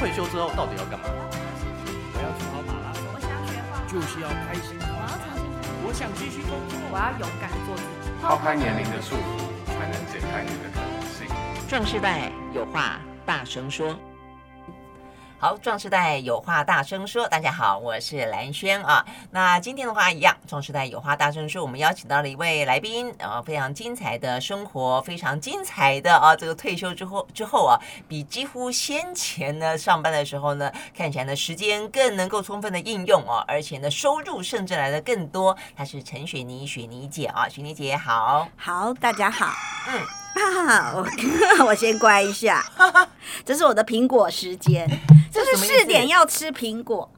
退休之後到底要幹嘛？我要去跑馬拉松。我想要學畫。就是要開心。我要新。我想繼續工作。我要勇敢做自己。拋開年齡的束縛，才能解開你的可能性。壯世代，有話大聲說。好，壯世代有話大聲說，大家好，我是藍軒啊。那今天的話一樣，壯世代有話大聲說，我們邀請到了一位來賓，呃、啊，非常精彩的生活，非常精彩的啊。這個退休之後之後啊，比幾乎先前呢上班的時候呢，看起來呢時間更能夠充分的應用哦、啊，而且呢收入甚至來得更多。她是陳雪妮，雪妮姐啊，雪妮姐好，好，大家好。嗯。哈， 我先乖一下，這是我的蘋果時間，就是四點要吃蘋果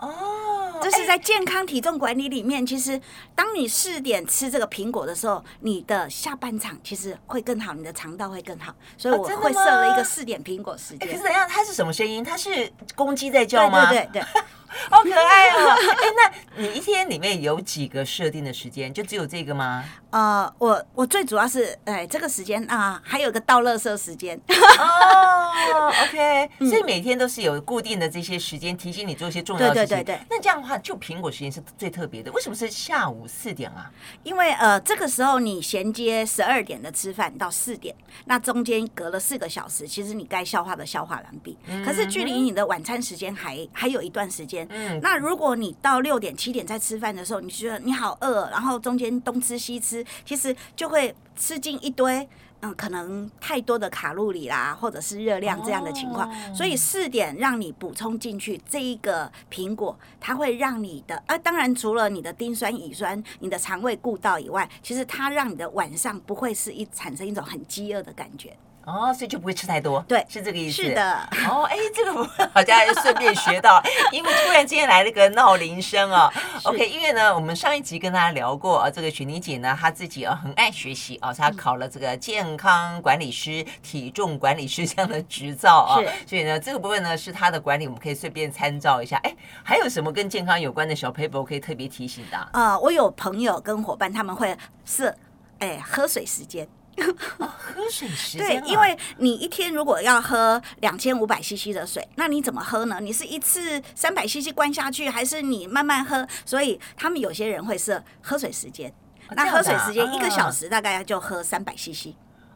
哦。 就是在健康體重管理裡面，其實當你四點吃這個蘋果的時候，你的下半場其實會更好，你的腸道會更好。所以我會設了一個四點蘋果時間、啊欸。可是怎樣？它是什麼聲音？它是公雞在叫嗎？對對對，對， 好可愛哦、喔！哎、 欸，那你一天裡面有幾個設定的時間？就只有這個嗎？呃，我我最主要是哎、欸，這個時間啊、呃，還有個倒垃圾時間。 哦，OK，所以每天都是有固定的這些時間提醒你做一些重要的事情。對對對對，那這樣的話。啊、就蘋果時間是最特別的，為什麼是下午四點啊？因為呃，這個時候你銜接十二點的吃飯到四點，那中間隔了四個小時，其實你該消化的消化完畢。可是距離你的晚餐時間還還有一段時間。嗯，那如果你到六點七點再吃飯的時候，你覺得你好餓，然後中間東吃西吃，其實就會吃進一堆。嗯，可能太多的卡路里啦，或者是熱量這樣的情況，oh. 所以四點讓你補充進去，這一個蘋果它會讓你的、啊，當然除了你的丁酸乙酸，你的腸胃顧到以外，其實它讓你的晚上不會是一產生一種很飢餓的感覺。哦，所以就不會吃太多，對，是這個意思。是的，哦，哎，這個部分好，大家順便學到， 因為突然間來了個鬧鈴聲哦。是 OK，因為呢，我們上一集跟大家聊過啊，這個雪妮姐呢，她自己啊很愛學習哦、啊，她考了這個健康管理師、嗯、體重管理師這樣的執照是啊，所以呢，這個部分呢是她的管理，我們可以順便參照一下。哎，還有什麼跟健康有關的小 paper 我可以特別提醒的啊、呃，我有朋友跟夥伴他們會是，哎，喝水時間。 哦、喝水時間、啊、對，因為你一天如果要喝兩千五百 CC 的水，那你怎麼喝呢？你是一次三百 CC 灌下去，還是你慢慢喝？所以他們有些人會設喝水時間，哦、那喝水時間一個小時大概就喝三百 CC。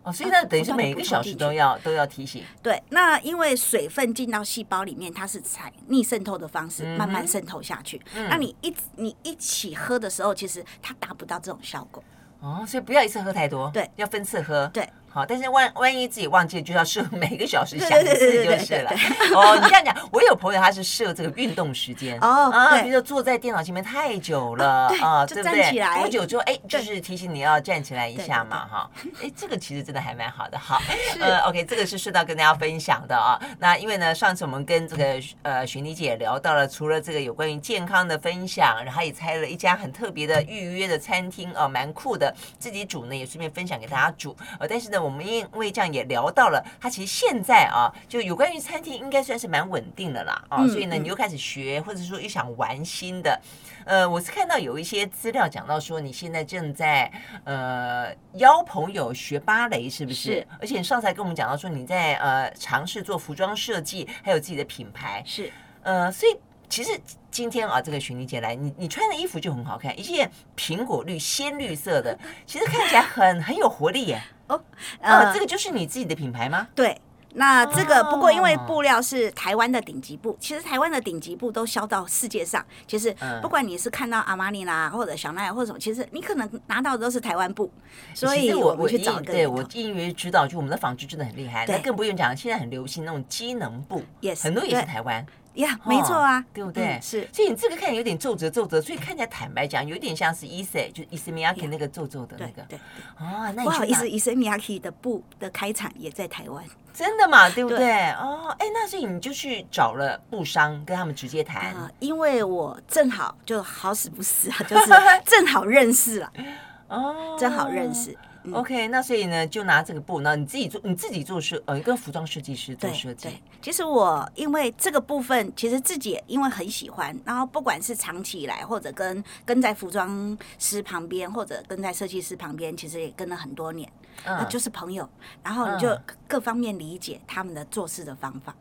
哦，啊、所以那等一下是，每一個小時都要、嗯、都要提醒。對，那因為水分進到細胞裡面，它是採逆滲透的方式慢慢滲透下去。嗯、那你一你一起喝的時候，其實它達不到這種效果。哦，所以不要一次喝太多，對，要分次喝，對。好，但是萬萬一自己忘記了，就要設每個小時響一次就是了。哦，你這樣講，我有朋友他是設這個運動時間。哦，啊比如說坐在電腦前面太久了，啊，啊，對不對？就站起來，多久之後，哎、欸，就是提醒你要站起來一下嘛，哈、哦。哎、欸，這個其實真的還蠻好的。好，是，呃，OK，這個是順道跟大家分享的啊、哦。那因為呢，上次我們跟這個呃雪妮姐聊到了，除了這個有關於健康的分享，然後也猜了一家很特別的預約的餐廳啊，蠻酷的。自己煮呢，也順便分享給大家煮。呃，但是呢，我。我們因為這樣也聊到了，他其實現在啊，就有關於餐廳應該算是蠻穩定的啦啊，所以呢，你又開始學，或者說又想玩新的，呃，我是看到有一些資料講到說，你現在正在呃邀朋友學芭蕾，是不是？而且你上次還跟我們講到說，你在呃嘗試做服裝設計，還有自己的品牌，是呃，所以其實今天啊，這個雪妮姐來，你你穿的衣服就很好看，一件蘋果綠鮮綠色的，其實看起來很很有活力耶。 哦，呃、啊，這個就是你自己的品牌嗎？對，那這個不過因為布料是台灣的頂級布，其實台灣的頂級布都銷到世界上，其實不管你是看到阿瑪尼啦，或者香奈兒，或者什麼，其實你可能拿到的都是台灣布。所以我我去找一個我我，對我因為知道就我們的紡織真的很厲害，對那更不用講，現在很流行那種機能布，yes, 很多也是台灣。呀，沒錯啊，對不對？是，所以你這個看有點皺褶皺褶，所以看起來坦白講，有點像是 Issey，就 Issey Miyake 那個皺皺的那個。對哦，那不好意思，Issey Miyake 的布的開廠也在台灣。真的嘛？對不對？哦，哎，那所以你就去找了布商，跟他們直接談，因為我正好就好死不死啊，就是正好認識了。哦。正好認識。OK，那所以呢，就拿這個布，那你自己做，你自己做設，呃、哦，跟服裝設計師做設計。對，其實我因為這個部分，其實自己也因為很喜歡，然後不管是長期以來，或者跟跟在服裝師旁邊，或者跟在設計師旁邊，其實也跟了很多年，嗯，那就是朋友，然後你就各方面理解他們的做事的方法。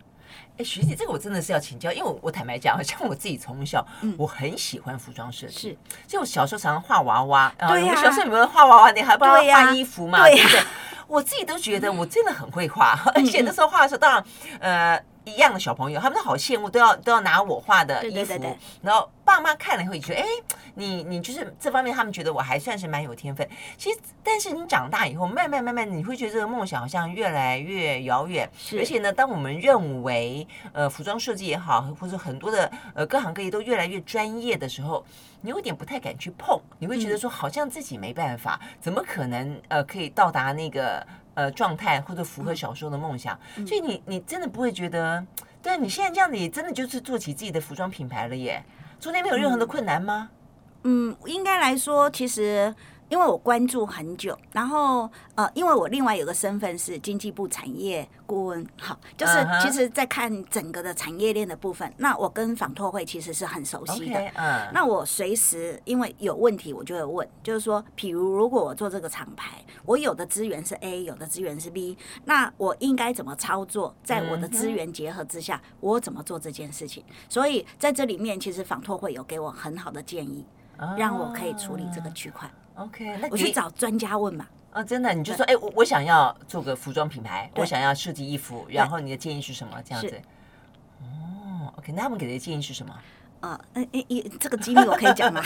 哎，雪、欸、姐，這個我真的是要請教，因為我，我坦白講，像我自己從小，嗯、我很喜歡服裝設計，就是我小時候常常畫娃娃，對我、啊啊、小時候有沒有畫娃娃，你還不會畫衣服嘛？對，啊、對不對？對啊、我自己都覺得我真的很會畫， 而且那時候畫的時候， 呃。一樣的小朋友，他們都好羨慕，都要都要拿我畫的衣服。對對對對。然後爸媽看了以後也說：“誒、哎，你你就是這方面，他們覺得我還算是蠻有天分。”其實，但是你長大以後，慢慢慢慢，你會覺得這個夢想好像越來越遙遠。是，而且呢，當我們認為呃服裝設計也好，或者很多的呃各行各業都越來越專業的時候，你有點不太敢去碰。你會覺得說，好像自己沒辦法，嗯、怎麼可能呃可以到達那個？呃，狀態或者符合小時候的夢想，嗯、所以你你真的不會覺得，嗯、對，你現在這樣，你真的就是做起自己的服裝品牌了耶，中間沒有任何的困難嗎？嗯，嗯，應該來說其實。因為我關注很久，然後呃，因為我另外有個身份是經濟部產業顧問，好，就是其實，在看整個的產業鏈的部分。那我跟紡拓會其實是很熟悉的，okay, uh. 那我隨時因為有問題，我就會問，就是說，譬如如果我做這個廠牌，我有的資源是 A，有的資源是 B，那我應該怎麼操作？在我的資源結合之下，uh huh. 我怎麼做這件事情？所以在這裡面，其實紡拓會有給我很好的建議，讓我可以處理這個區塊。OK，那我去找專家問吧。啊，真的，你就說，哎對、欸，我我想要做個服裝品牌，對我想要設計衣服，然後你的建議是什麼？對這樣子。是哦，OK，那他們給的建議是什麼？呃，一、呃、一、呃、這個機密我可以講嗎？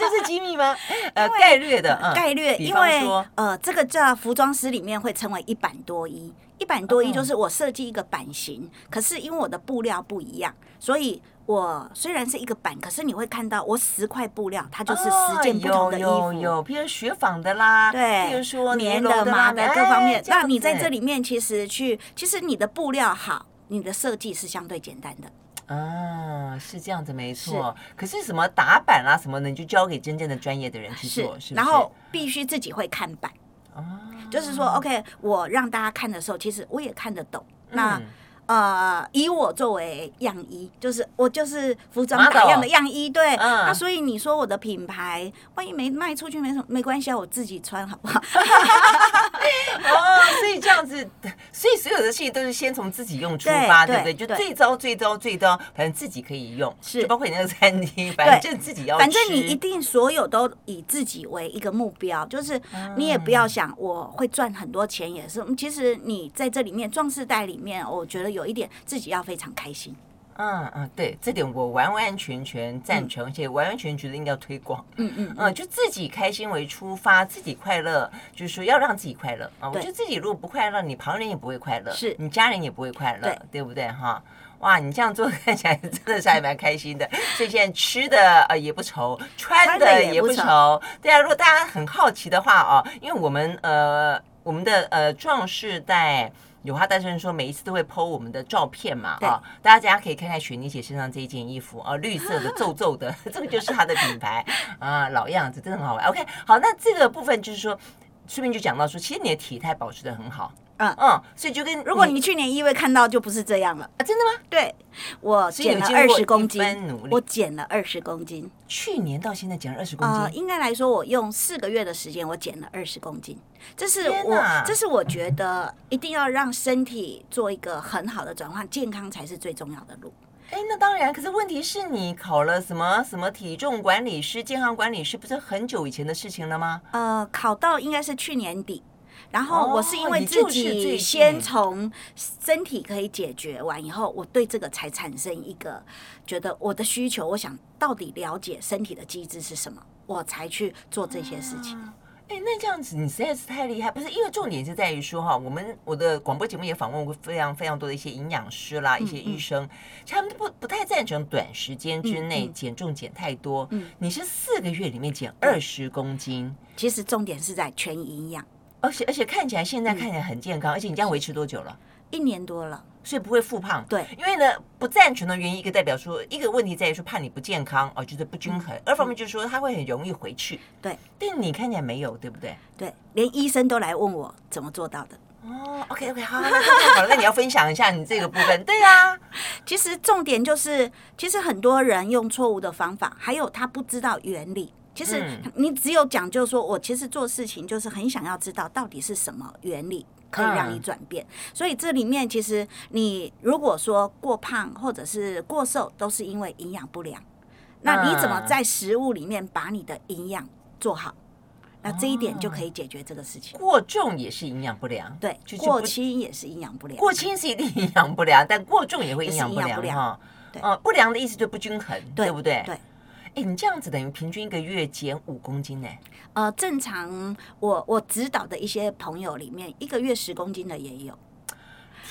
這是機密嗎？呃， 為概略的，嗯、概略略。因為呃，這個叫服裝師裡面會稱為一版多衣“一版多衣”。一版多衣就是我設計一個版型，嗯、可是因為我的布料不一樣，所以我雖然是一個版，可是你會看到我十塊布料，它就是十件不同的衣服。哦、有，有，比如雪紡的啦，對，比如說棉的、麻的，的各方面。那、哎欸、你在這裡面其實去，其實你的布料好，你的設計是相對簡單的。啊，是這樣子沒錯，沒錯是。可是什麼打版啊，什麼的，你就交給真正的專業的人去做，是是是，然後必須自己會看版、啊、就是說，OK，我讓大家看的時候，其實我也看得懂。嗯、那。呃，以我作為樣衣，就是我就是服裝打樣的樣衣，的對。嗯、那所以你說我的品牌，萬一沒賣出去，沒什麼，沒關係啊，我自己穿好不好？ 哦，哦，所以這樣子，所以所有的事情都是先從自己用出發，對，對不對？就最糟最糟最糟，反正自己可以用，是，對包括你那個餐廳，反正自己要，反正你一定所有都以自己為一個目標，就是你也不要想我會賺很多錢，也是。嗯、其實你在這裡面壯世代裡面，我覺得有。有一點自己要非常開心，嗯嗯，對，這點我完完全全贊成，嗯、而且完完全全覺得應該要推廣，嗯嗯，嗯，嗯，就自己開心為出發，自己快樂，就是說要讓自己快樂啊。對我覺得自己如果不快樂，你旁人也不會快樂，是你家人也不會快樂，對，對不對？哈，哇，你這樣做看起來真的是還蠻開心的， 所以現在吃的呃也不愁，穿的也不愁，不愁對啊。如果大家很好奇的話哦、啊，因為我們呃我們的呃壯世代。有話大聲說，每一次都會 po 我們的照片嘛、哦？哈對，大家大家可以看看雪妮姐身上這一件衣服，啊，綠色的皺皺的， 這個就是她的品牌啊，老樣子，真的很好玩。OK，好，那這個部分就是說，順便就講到說，其實你的體態保持得很好。嗯嗯，所以就跟如果你去年意外看到，就不是這樣了啊！真的嗎？對，我減了二十公斤，努力我減了二十公斤，去年到現在減了二十公斤，呃。應該來說，我用四個月的時間，我減了二十公斤。這是我，這是我覺得一定要讓身體做一個很好的轉換，嗯、健康才是最重要的路。誒，那當然，可是問題是你考了什麼什麼體重管理師、健康管理師，不是很久以前的事情了嗎？呃，考到應該是去年底。然後我是因為自己先從身體可以解決完以後，我對這個才產生一個覺得我的需求，我想到底了解身體的機制是什麼，我才去做這些事情、嗯啊。哎、欸，那這樣子你實在是太厲害，不是？因為重點是在於說哈，我們我的廣播節目也訪問過非常非常多的一些營養師啦，嗯嗯、一些醫生，他們都不不太贊成短時間之內減重減太多。嗯，嗯你是四個月裡面減二十公斤、嗯嗯，其實重點是在全營養。而且而且看起來現在看起來很健康，嗯、而且你這樣維持多久了？一年多了，所以不會復胖。對，因為呢，不贊成的原因一個代表說，一個問題在於說怕你不健康哦，就是不均衡，嗯、另一方面就是說它會很容易回去。對、嗯，但你看起來沒有，對不對？對，連醫生都來問我怎麼做到的。哦，OK OK，好，好，好，那你要分享一下你這個部分。 對啊，其實重點就是，其實很多人用錯誤的方法，還有他不知道原理。其實你只有講究說，我其實做事情就是很想要知道到底是什麼原理可以讓你轉變。所以這裡面其實你如果說過胖或者是過瘦，都是因為營養不良。那你怎麼在食物裡面把你的營養做好？那這一點就可以解決這個事情。過重也是營養不良，對；過輕也是營養不良。過輕是一定營養不良，但過重也會營養不良，對，哦，不良的意思就不均衡，對不對？對。欸，你這樣子等於平均一個月減五公斤呢，欸？呃，正常我，我我指導的一些朋友裡面，一個月十公斤的也有。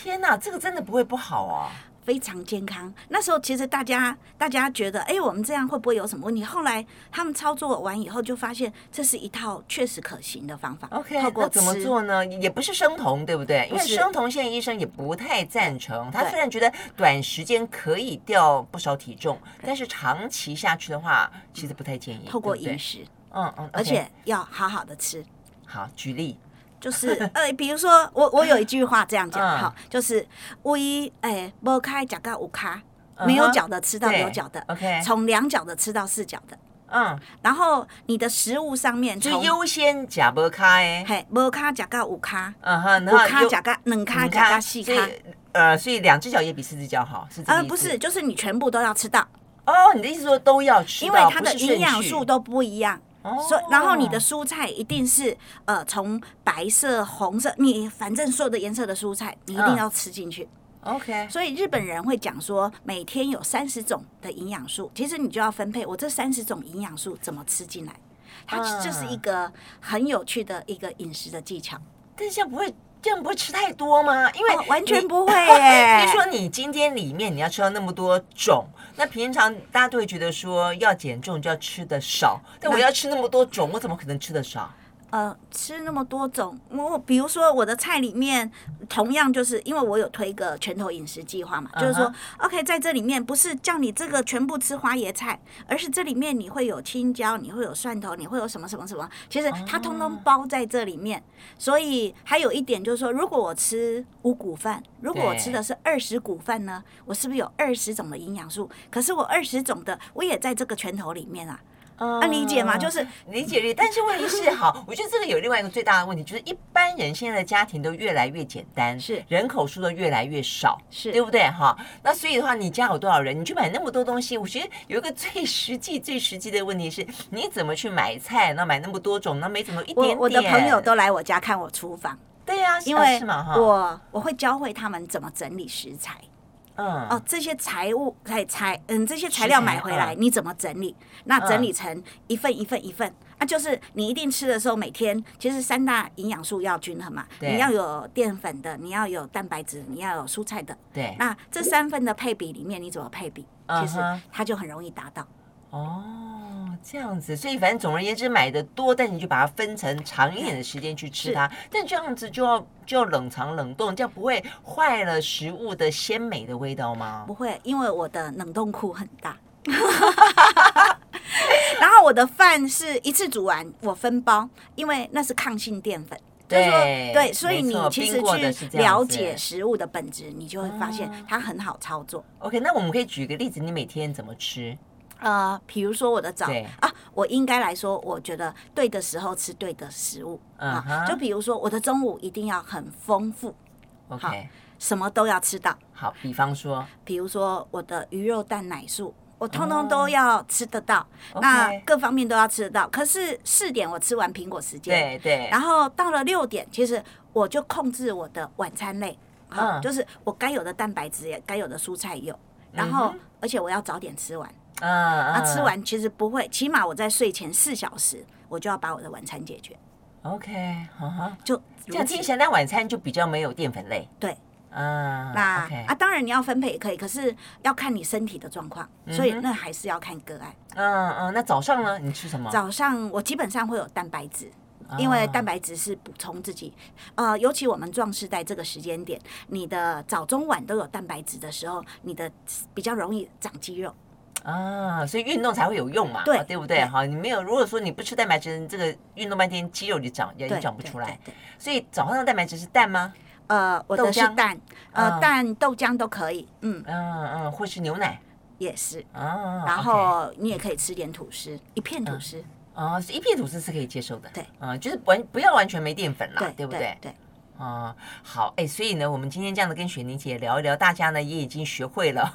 天哪，這個真的不會不好啊！非常健康。那時候其實大家大家覺得，哎、欸，我們這樣會不會有什麼問題？後來他們操作完以後，就發現這是一套確實可行的方法。OK，那吃怎麼做呢？也不是生酮，對不對？不是因為生酮現在醫生也不太贊成。對他雖然覺得短時間可以掉不少體重，對但是長期下去的話，其實不太建議。透過飲食，嗯嗯，而且要好好的吃。嗯 okay、好，舉例。就是呃，比如說我我有一句話這樣講，好，就是我一哎，無開加個五卡，沒有腳的吃到有腳的，從兩腳的吃到四腳的，嗯，然後你的食物上面就優先加無開，哎，嘿，無卡加個五卡，五卡加個冷卡加個細卡，呃，所以兩隻腳也比四隻腳好，四隻腳，是這個意思？不是，就是你全部都要吃到哦，你的意思說都要吃，因為它的營養素都不一樣。所，so, 然後你的蔬菜一定是，呃，從白色、紅色，你反正所有的顏色的蔬菜，你一定要吃進去。Uh, OK。所以日本人會講說，每天有三十種的營養素，其實你就要分配。我這三十種營養素怎麼吃進來？它就是一個很有趣的一個飲食的技巧。Uh, 但是現在不會。這樣不會吃太多嗎？因為、哦、完全不會耶。比如 說，你今天裡面你要吃到那麼多種，那平常大家都會覺得說，要減重就要吃得少。但我要吃那麼多種，我怎麼可能吃得少？呃，吃那麼多種，我比如說我的菜裡面，同樣就是因為我有推個拳頭飲食計劃嘛，uh huh. 就是說，OK，在這裡面不是叫你這個全部吃花椰菜，而是這裡面你會有青椒，你會有蒜頭，你會有什麼什麼什麼，其實它通通包在這裡面。Uh huh. 所以還有一點就是說，如果我吃五穀飯，如果我吃的是二十穀飯呢，我是不是有二十種的營養素？可是我二十種的，我也在這個拳頭裡面啊。啊，理解嗎？就是理解力。但是問題是， 好，我覺得這個有另外一個最大的問題，就是一般人現在的家庭都越來越簡單，是人口數都越來越少，是對不對？哈，那所以的話，你家有多少人？你去買那麼多東西，我覺得有一個最實際、最實際的問題是，你怎麼去買菜？那買那麼多種，那沒怎麼一點點。我，我的朋友都來我家看我廚房。對呀、啊，因為、啊、是嘛，哈，我我會教會他們怎麼整理食材。嗯哦，這些財務在材物，嗯，這些材料買回來，你怎麼整理？嗯、那整理成一份一份一份啊，嗯、那就是你一定吃的時候每天其實、就是、三大營養素要均衡嘛，對你要有澱粉的，你要有蛋白質，你要有蔬菜的。對，那這三份的配比裡面，你怎麼配比？嗯、其實它就很容易達到。哦，這樣子，所以反正總而言之，買的多，但你就把它分成長一點的時間去吃它。嗯、但這樣子就要就要冷藏冷凍，這樣不會壞了食物的鮮美的味道嗎？不會，因為我的冷凍庫很大。 然後我的飯是一次煮完，我分包，因為那是抗性澱粉。對對，就是說，對，沒錯，所以你其實去了解食物的本質，嗯、你就會發現它很好操作。OK，那我們可以舉一個例子，你每天怎麼吃？呃，比如說我的早對啊，我應該來說，我覺得對的時候吃對的食物、uh huh. 啊，就比如說我的中午一定要很豐富，OK，、啊、什麼都要吃到。好，比方說，比、啊、如說我的魚肉蛋奶素，我通通都要吃得到，uh huh. 那各方面都要吃得到。可是四點我吃完蘋果時間，對對。然後到了六點，其實我就控制我的晚餐類，好、uh，huh. 就是我該有的蛋白質也該有的蔬菜也有，然後而且我要早點吃完。嗯，那、uh, uh, 啊、吃完其實不會，起碼我在睡前四小時，我就要把我的晚餐解決。OK，好、uh，huh, 就就這樣聽起來的晚餐就比較沒有澱粉類。對，嗯、uh, okay,，那啊，當然你要分配也可以，可是要看你身體的狀況，uh、huh, 所以那還是要看個案。嗯嗯、uh，huh, uh、huh, 那早上呢？你吃什麼？早上我基本上會有蛋白質，因為蛋白質是補充自己。Uh、huh, 呃，尤其我們壯世代，在這個時間點，你的早中晚都有蛋白質的時候，你的比較容易長肌肉。啊，所以運動才會有用嘛，對不對？哈，你沒有，如果說你不吃蛋白質，這個運動半天肌肉就長也長不出來。所以早上的蛋白質是蛋嗎？呃，我的是蛋、呃蛋豆漿都可以。嗯嗯嗯，或是牛奶也是。嗯，然後你也可以吃點吐司，一片吐司。啊，是一片吐司是可以接受的。對，嗯，就是完不要完全沒澱粉啦，對不對？對。啊，好，哎，所以呢，我們今天這樣子跟雪妮姐聊一聊，大家呢也已經學會了。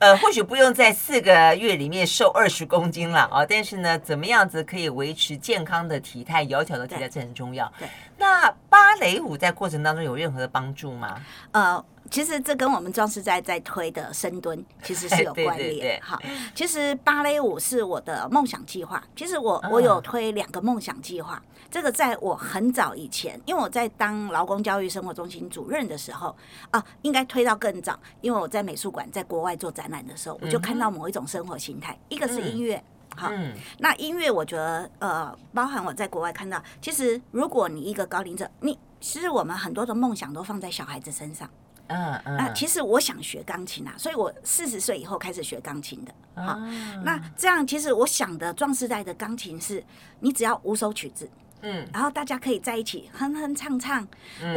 呃，或許不用在四個月裡面瘦二十公斤了啊，但是呢，怎麼樣子可以維持健康的體態、窈窕的體態，這很重要。那芭蕾舞在過程當中有任何的幫助嗎？呃其實這跟我們壯世代在在推的深蹲其實是有關聯哈 對。其實芭蕾舞是我的夢想計劃。其實我我有推兩個夢想計劃。哦、這個在我很早以前，因為我在當勞工教育生活中心主任的時候啊，應該推到更早，因為我在美術館在國外做展覽的時候，嗯、哼我就看到某一種生活形態。一個是音樂，好，嗯、那音樂我覺得呃，包含我在國外看到，其實如果你一個高齡者，你其實我們很多的夢想都放在小孩子身上。嗯、uh, uh, 啊，其實我想學鋼琴啊，所以我四十歲以後開始學鋼琴的。好、uh, 啊，那這樣其實我想的壯世代的鋼琴是，你只要五首曲子，嗯，然後大家可以在一起哼哼唱唱，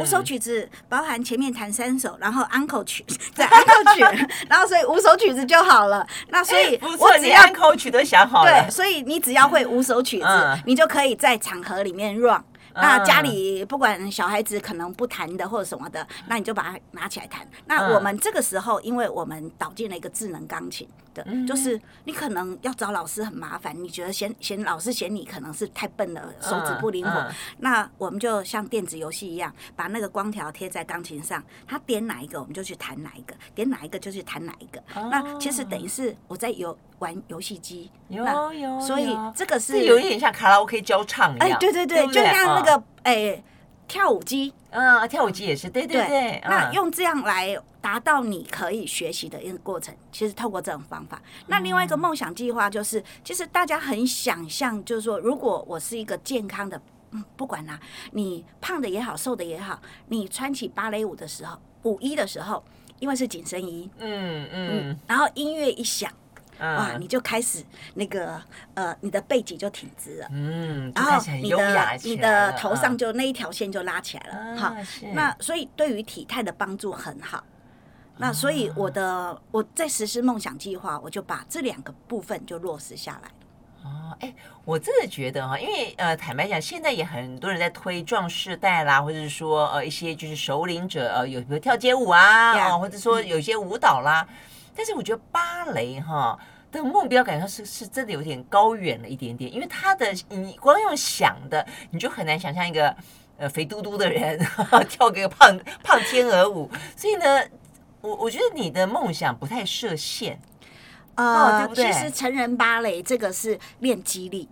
五、嗯、首曲子，包含前面彈三首，然後安可曲再安可曲，然後所以五首曲子就好了。 那所以我只要安可曲都想好了，對，所以你只要會五首曲子，嗯 uh, 你就可以在場合裡面 run。那家裡不管小孩子可能不彈的或者什麼的，uh, 那你就把它拿起來彈。Uh, 那我們這個時候，因為我們導進了一個智能鋼琴。就是你可能要找老師很麻煩，你覺得嫌嫌老師嫌你可能是太笨了，手指不靈活。那我們就像電子遊戲一樣，把那個光條貼在鋼琴上，他點哪一個我們就去彈哪一個，點哪一個就去彈哪一個。那其實等於是我在遊玩遊戲機，有有，所以這個是有一點像卡拉 OK 教唱一樣，對對對，就像那個哎跳舞機，嗯，跳舞機也是，對對對。那用這樣來。達到你可以學習的一個過程，其實透過這種方法。那另外一個夢想計劃就是，嗯、其實大家很想象，就是說，如果我是一個健康的，嗯、不管啦、啊，你胖的也好，瘦的也好，你穿起芭蕾舞的時候，舞衣的時候，因為是緊身衣，嗯嗯，嗯嗯然後音樂一響，嗯、哇，你就開始那個呃，你的背脊就挺直了，嗯，然後你的你的頭上就那一條線就拉起來了，啊、好，是那所以對於體態的幫助很好。那所以我的我在實施夢想計劃，我就把這兩個部分就落實下來。哦，哎、欸，我真的覺得哈，因為呃，坦白講，現在也很多人在推壯世代啦，或者是說呃一些就是首領者呃，有沒有跳街舞啊 yeah,、哦，或者說有些舞蹈啦。嗯、但是我覺得芭蕾哈的目標感，感覺是是真的有點高遠了一點點，因為他的你光用想的，你就很難想象一個呃肥嘟嘟的人哈哈跳個胖胖天鵝舞，所以呢。我我覺得你的夢想不太設限，呃、哦，對不對？其實成人芭蕾這個是練肌力，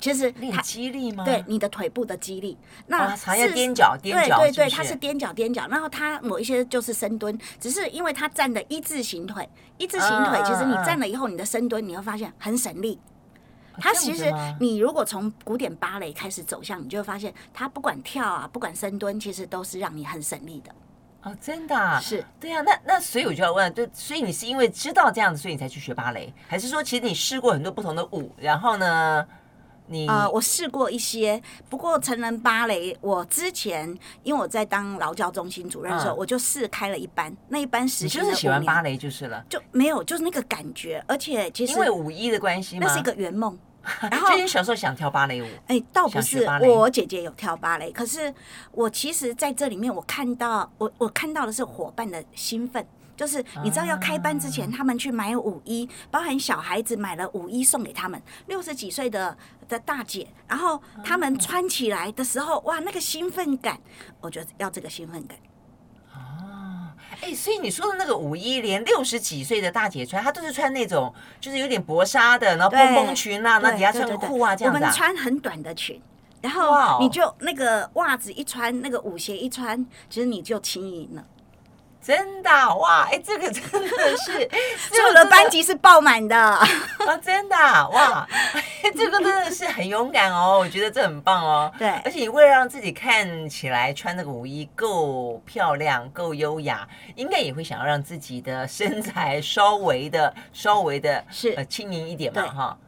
其實他練肌力嗎？對，你的腿部的肌力。啊、那還是、啊、要踮腳，踮腳是不是？對對對，它是踮腳踮腳，然後它某一些就是深蹲，只是因為它站的一字形腿，啊、一字形腿，其實你站了以後，你的深蹲你會發現很省力。它、啊、其實你如果從古典芭蕾開始走向，你就會發現它不管跳啊，不管深蹲，其實都是讓你很省力的。哦，真的、啊，是對啊。那那所以我就要問，就所以你是因為知道這樣子，所以你才去學芭蕾，還是說其實你試過很多不同的舞？然後呢，你呃我試過一些。不過成人芭蕾，我之前因為我在當勞教中心主任的時候，嗯、我就試開了一班，那一班時間。你就是喜歡芭蕾就是了，就沒有，就是那個感覺。而且其實因為舞衣的關係嘛，那是一個圓夢。然後，今天小時候想跳芭蕾舞。哎，倒不是我姐姐有跳芭蕾，可是我其實在這裡面，我看到我我看到的是夥伴的興奮，就是你知道要開班之前，他們去買舞衣，啊、包含小孩子買了舞衣送給他們，六十幾歲的的大姐，然後他們穿起來的時候，啊、哇，那個興奮感，我覺得要這個興奮感。哎、欸，所以你說的那個五一連六十幾歲的大姐穿，她都是穿那種就是有點薄紗的，然後蓬蓬裙啊，那對底下穿個褲襪這樣子、啊。我們穿很短的裙，然後你就那個襪子一穿，那個舞鞋一穿，其、就、實、是、你就輕盈了。真的、啊、哇，哎、欸，這個真的是，這個班級是爆滿的啊！真的、啊、哇、欸，這個真的是很勇敢哦， 我覺得這很棒哦。對，而且你為了讓自己看起來穿那個舞衣夠漂亮、夠優雅，應該也會想要讓自己的身材稍微的、 稍微的，稍微的是呃，輕盈一點嘛，哈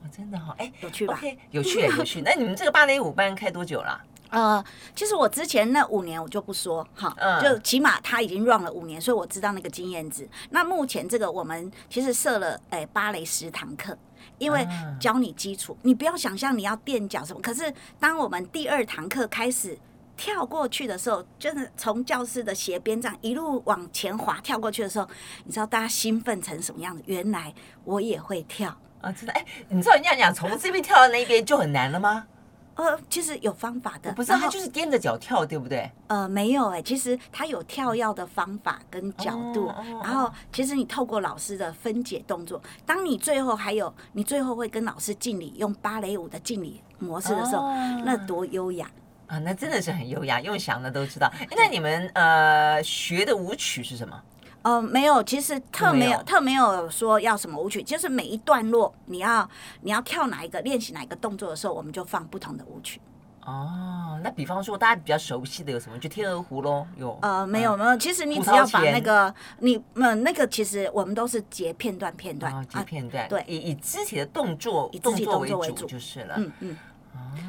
對、哦。真的哈、哦，哎、欸，okay, 有趣吧，有趣，有趣。 那你們這個芭蕾舞班開多久了、啊？呃，其實我之前那五年我就不說哈，嗯、就起碼他已經 run 了五年，所以我知道那個經驗值。那目前這個我們其實設了，哎、欸，芭蕾十堂課，因為教你基礎，你不要想象你要踮腳什麼。可是當我們第二堂課開始跳過去的時候，就是從教室的斜邊這樣一路往前滑跳過去的時候，你知道大家興奮成什麼樣子？原來我也會跳啊！真的，哎、欸，你知道人家講從這邊跳到那邊就很難了嗎？ 呃，其實有方法的，哦、不是他就是踮着腳跳，對不對？呃，沒有哎、欸，其實他有跳躍的方法跟角度，哦、然後其實你透過老師的分解動作，當你最後還有你最後會跟老師敬禮，用芭蕾舞的敬禮模式的時候，哦、那多優雅啊！那真的是很優雅，用想的都知道。欸、那你們呃學的舞曲是什麼？呃，沒有，其實特沒有，沒有特沒有說要什麼舞曲，就是每一段落你要你要跳哪一個練習哪一個動作的時候，我們就放不同的舞曲。哦，那比方說大家比較熟悉的有什麼？就《天鵝湖》咯，有。呃，沒有，沒有，其實你只要把那個刀你們、呃、那個，其實我們都是截片段片段，片段啊，截片段對，以以肢體的動作以動作為主就是了。嗯嗯。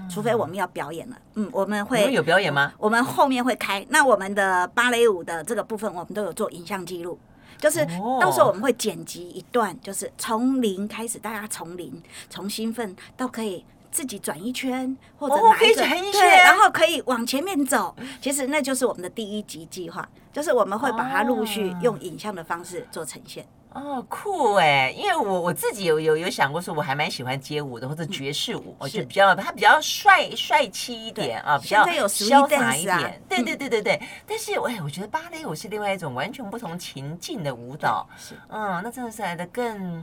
除非我們要表演了，嗯，我們會，我們有表演嗎？我們後面會開，那我們的芭蕾舞的這個部分，我們都有做影像記錄，就是到時候我們會剪輯一段，就是從零開始，大家從零從興奮到可以自己轉一圈，或者拿一，哦、可以轉一圈，然後可以往前面走。其實那就是我們的第一集計劃，就是我們會把它陸續用影像的方式做呈現。哦，酷，哎、欸！因為我我自己有有有想過說，我還蠻喜歡街舞的，或者爵士舞，我覺得比較他比較帥帥氣一點啊，對比較有瀟灑一點。啊、對，對對對對對。但是，哎，我覺得芭蕾舞是另外一種完全不同情境的舞蹈。嗯，是嗯，那真的是來得更。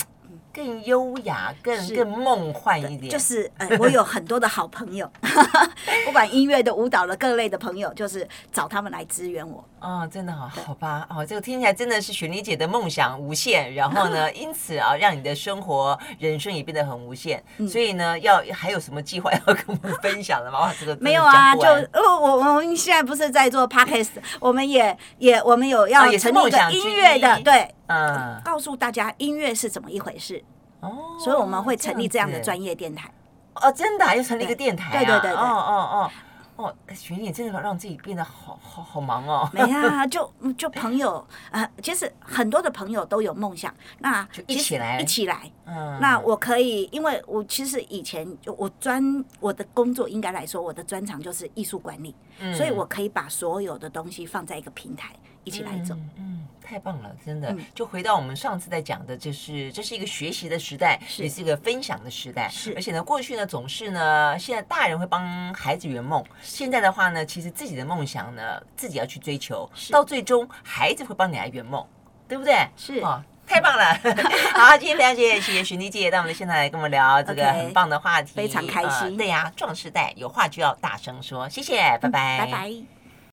更優雅、更是更夢幻一點，就是、呃，我有很多的好朋友， 不管音樂的、舞蹈的各類的朋友，就是找他們來支援我。哦真的好、哦、對好吧，哦，這個聽起來真的是雪妮姐的夢想無限。然後呢， 因此啊，讓你的生活人生也變得很無限。 嗯、所以呢，要還有什麼計劃要跟我們分享的嗎？哇，這個沒有啊，就我、呃、我們現在不是在做 Podcast， 我們也也我們有要成夢、啊、想音樂的、啊、對。嗯、告訴大家音樂是怎麼一回事、哦、所以我們會成立這樣的專業電台哦，真的還、啊、要成立一個電台、啊，對對對，對哦，哦哦哦哦，哦欸、雪妮真的讓自己變得好好好忙哦，沒啊，就就朋友啊、 呃，其實很多的朋友都有夢想，那就一起來一起來，起來嗯，那我可以，因為我其實以前我專我的工作應該來說，我的專長就是藝術管理，嗯、所以我可以把所有的東西放在一個平台。一起來走嗯，嗯，太棒了，真的。就回到我們上次在講的，就是、嗯、這是一個學習的時代，是也是一個分享的時代。是，而且呢，過去呢總是呢，現在大人會幫孩子圓夢。是現在的話呢，其實自己的夢想呢，自己要去追求。是到最終，孩子會幫你來圓夢，對不對？是哦，太棒了。嗯、 好，今天非常謝謝，謝謝雪妮姐到我們現場來跟我們聊這個很棒的話題，okay, 非常開心。啊、對呀、啊，壯世代有話就要大聲說。謝謝，拜拜，嗯、拜拜。